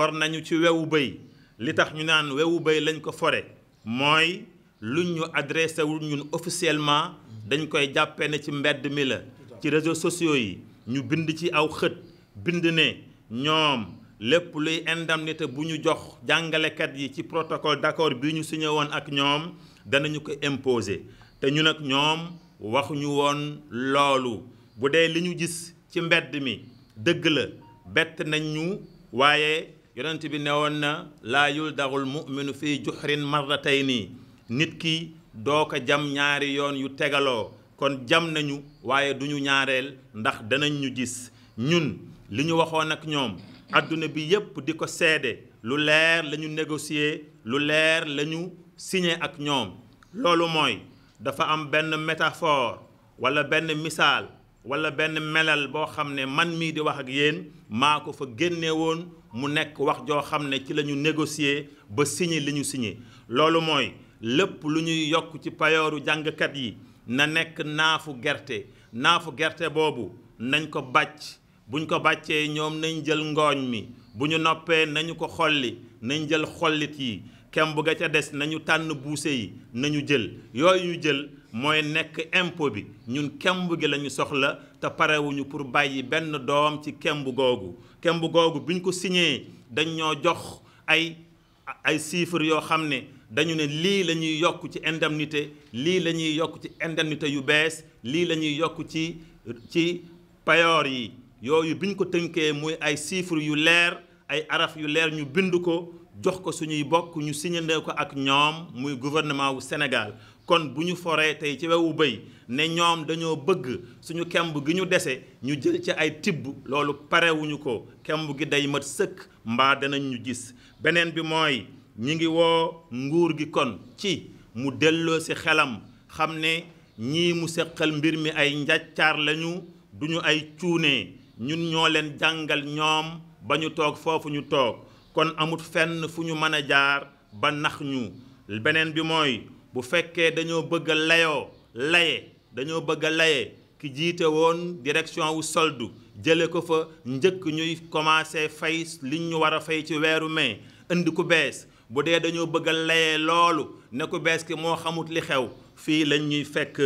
for nañu ci wewu bëy li tax ñu naan wewu bëy lañ ko fore mooy lu ñu adressé wul ñun officiellement dañ koy jàppe ne ci mbedd mi la ci réseaux sociaux yi ñu bind ci aw xët bind ne ñoom lépp luy indemnité bu ñu jox jàngalekat yi ci protocole d'accord bi ñu signé woon ak ñoom danañu ko imposer te ñu nag ñoom waxuñu woon loolu bu dee li ñu gis ci mbedd mi dëgg la bett nañ ñu waaye yonent bi ne woon na laa yul daxul muminu fii tey nii nit ki doo ko jam ñaari yoon yu tegaloo kon jam nañu waaye duñu ñaareel ndax danañ ñu gis ñun li ñu waxoon ak ñoom àdduna bi yépp di ko seede lu leer lañu ñu négocier lu leer lañu ñu ak ñoom loolu mooy dafa am benn métaphore wala benn misaal wala benn melal boo xam ne man mii di wax ak yéen maa ko fa génne mu nekk wax joo xam ne ci la ñu négocier ba signé li ñu signé loolu mooy lépp lu ñuy yokk ci payooru jàngkat yi na nekk naafu gerte naafu gerte boobu nañ ko bàcc buñ ko bàccee ñoom nañ jël ngooñ mi bu ñu noppee nañu ko xolli nañ jël xollit yi kemb ga ca des nañu tànn buuse yi nañu jël yooyu ñu jël mooy nekk impôt bi ñun kemb gi lañu soxla te parewuñu pour bàyyi benn doom ci kemb googu kemb googu bi ñu ko signé dañ ñoo jox ay ay chiffres yoo xam ne dañu ne lii la ñuy yokk ci indemnité lii la ñuy yokk ci indemnité yu bees lii la ñuy yokk ci ci payoor yi yooyu bi ñu ko tënkee muy ay chiffres yu leer ay araf yu leer ñu bind ko jox ko suñuy bokk ñu signalé ko ak ñoom muy gouvernement wu Sénégal kon bu ñu foree tey ci wewu béy ne ñoom dañoo bëgg suñu kemb gi ñu dese ñu jël ci ay tibb loolu parewuñu ko kemb gi day mat sëkk mbaa danañ ñu gis beneen bi mooy ñi ngi woo nguur gi kon ci mu delloo si xelam xam ne ñii mu seqal mbir mi ay njàccaar lañu duñu ay cuune ñun ñoo leen jàngal ñoom ba ñu toog foofu ñu toog kon amut fenn fu ñu mën a jaar ba nax ñu beneen bi mooy bu fekkee dañoo bëgg a laye dañoo bëgg laye ki jiite woon direction wu soldu jële ko fa njëkk ñuy commencé fay li ñu war a fay ci weeru mai indi ku bees bu dee dañoo bëgg laye loolu ne ku bees ki moo xamut li xew fii lañ ñuy fekk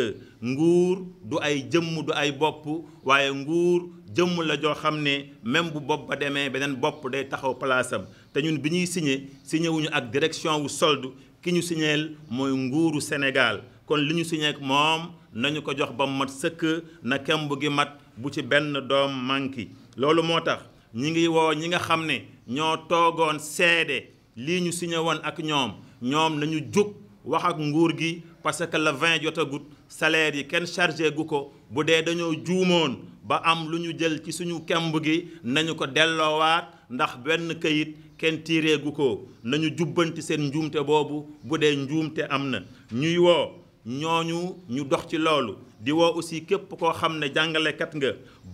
nguur du ay jëmm du ay bopp waaye nguur jëmm la joo xam ne même bu bopp ba demee beneen bopp day taxaw palaasam te ñun bi ñuy signé signé ak direction wu solde ki ñu signeel mooy nguuru Sénégal kon li ñu signé ak moom nañu ko jox ba mu mat sëkk na kemb gi mat bu ci benn doom manki loolu moo tax ñi ngi woo ñi nga xam ne ñoo toogoon seede lii ñu signé woon ak ñoom ñoom nañu jóg wax ak nguur gi parce que le 20 jotagut salaire yi kenn chargé gu ko bu dee dañoo juumoon ba am lu ñu jël ci suñu kemb gi nañu ko delloowaat ndax benn kayit kenn tiiree gu ko nañu jubbanti seen njuumte boobu bu dee njuumte am na ñuy woo ñooñu ñu dox ci loolu di woo aussi képp koo xam ne jàngalekat nga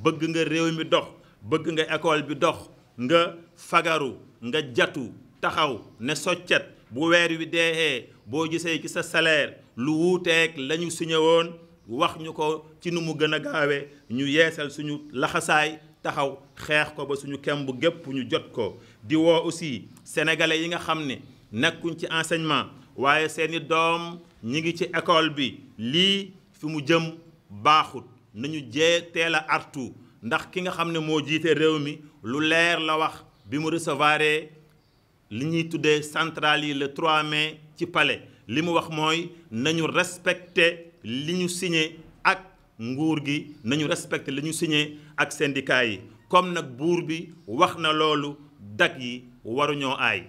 bëgg nga réew mi dox bëgg nga école bi dox nga fagaru nga jatu taxaw ne soccet bu weer wi deexee boo gisee ci sa salaire lu wuuteeg la ñu signé woon wax ñu ko ci nu mu gën a gaawee ñu yeesal suñu laxasaay taxaw xeex ko ba suñu kem bu gépp ñu jot ko di woo aussi sénégalais yi nga xam ne nekkuñ ci enseignement waaye seeni doom ñi ngi ci école bi lii fi mu jëm baaxut nañu jee teel a artu ndax ki nga xam ne moo jiite réew mi lu leer la wax bi mu recevoir li ñuy tuddee centrale yi le 3 mais ci pale li mu wax mooy nañu respecté li ñu signé ak nguur gi nañu respecté li ñu signé ak syndicat yi comme nag buur bi wax na loolu dag yi waruñoo ay